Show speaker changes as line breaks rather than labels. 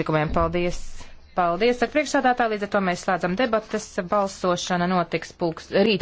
priekšlikumiem. Paldies! Paldies! Ar priekšsādātā līdz ar to mēs slēdzam debatas. Balsošana notiks pulks, rīt